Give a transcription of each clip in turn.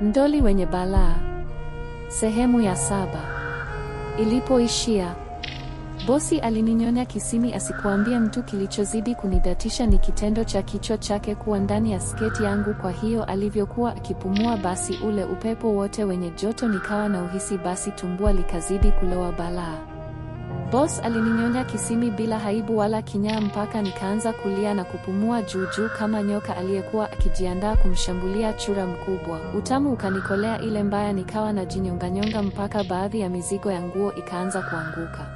Mdoli wenye balaa. Sehemu ya saba. Ilipoishia, bosi alininyonya kisimi asikuambie mtu. Kilichozidi kunidatisha ni kitendo cha kichwa chake kuwa ndani ya sketi yangu. Kwa hiyo alivyokuwa akipumua, basi ule upepo wote wenye joto, nikawa na uhisi, basi tumbua likazidi kulowa balaa. Boss alininyonya kisimi bila haibu wala kinyaa mpaka nikaanza kulia na kupumua juu juu kama nyoka aliyekuwa akijiandaa kumshambulia chura mkubwa. Utamu ukanikolea ile mbaya, nikawa na jinyonganyonga mpaka baadhi ya mizigo ya nguo ikaanza kuanguka.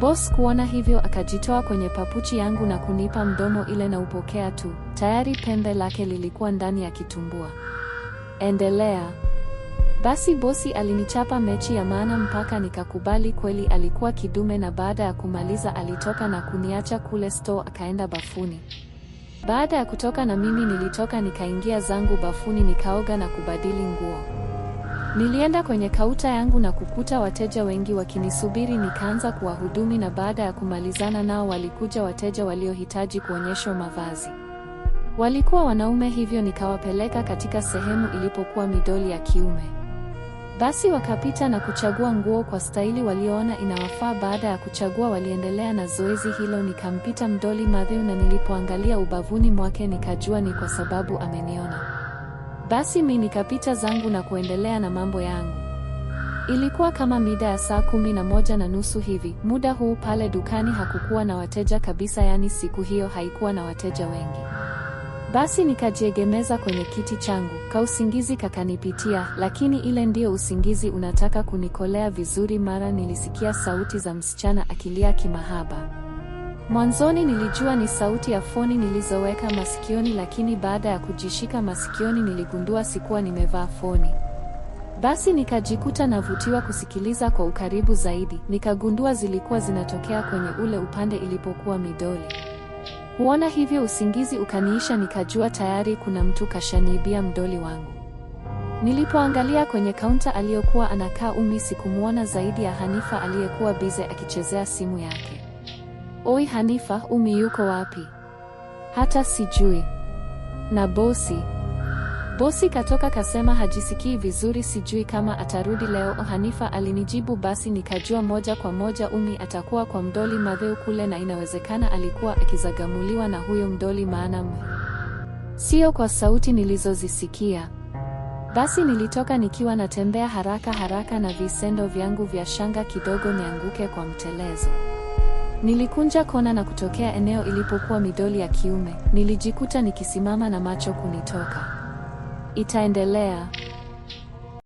Boss kuona hivyo akajitoa kwenye papuchi yangu na kunipa mdomo ile na upokea tu. Tayari pembe lake lilikuwa ndani ya kitumbua. Endelea. Basi bosi alinichapa mechi ya maana mpaka nikakubali kweli alikuwa kidume na baada ya kumaliza alitoka na kuniacha kule store akaenda bafuni. Baada ya kutoka na mimi nilitoka nikaingia zangu bafuni nikaoga na kubadili nguo. Nilienda kwenye kauta yangu na kukuta wateja wengi wakinisubiri nikaanza kuwahudumi na baada ya kumalizana nao walikuja wateja waliohitaji kuonyeshwa mavazi. Walikuwa wanaume hivyo nikawapeleka katika sehemu ilipokuwa midoli ya kiume. Basi wakapita na kuchagua nguo kwa staili walioona inawafaa. Baada ya kuchagua, waliendelea na zoezi hilo. Nikampita mdoli Mathew, na nilipoangalia ubavuni mwake nikajua ni kwa sababu ameniona. Basi mi nikapita zangu na kuendelea na mambo yangu. Ilikuwa kama mida ya saa kumi na moja na nusu hivi. Muda huu pale dukani hakukuwa na wateja kabisa, yaani siku hiyo haikuwa na wateja wengi. Basi nikajiegemeza kwenye kiti changu, kausingizi kakanipitia, lakini ile ndiyo usingizi unataka kunikolea vizuri. Mara nilisikia sauti za msichana akilia kimahaba. Mwanzoni nilijua ni sauti ya foni nilizoweka masikioni, lakini baada ya kujishika masikioni niligundua sikuwa nimevaa foni. Basi nikajikuta navutiwa kusikiliza kwa ukaribu zaidi, nikagundua zilikuwa zinatokea kwenye ule upande ilipokuwa midoli. Huona hivyo usingizi ukaniisha, nikajua tayari kuna mtu kashaniibia mdoli wangu. Nilipoangalia kwenye kaunta aliyokuwa anakaa Umi sikumwona zaidi ya Hanifa aliyekuwa bize akichezea simu yake. Oi Hanifa, Umi yuko wapi? Hata sijui. Na bosi Bosi katoka kasema hajisikii vizuri, sijui kama atarudi leo. Hanifa alinijibu basi, nikajua moja kwa moja Umi atakuwa kwa Mdoli Madheu kule, na inawezekana alikuwa akizagamuliwa na huyo Mdoli, maana mwe sio kwa sauti nilizozisikia. Basi nilitoka nikiwa natembea haraka haraka na visendo vyangu vya shanga kidogo, nianguke kwa mtelezo. Nilikunja kona na kutokea eneo ilipokuwa midoli ya kiume, nilijikuta nikisimama na macho kunitoka itaendelea.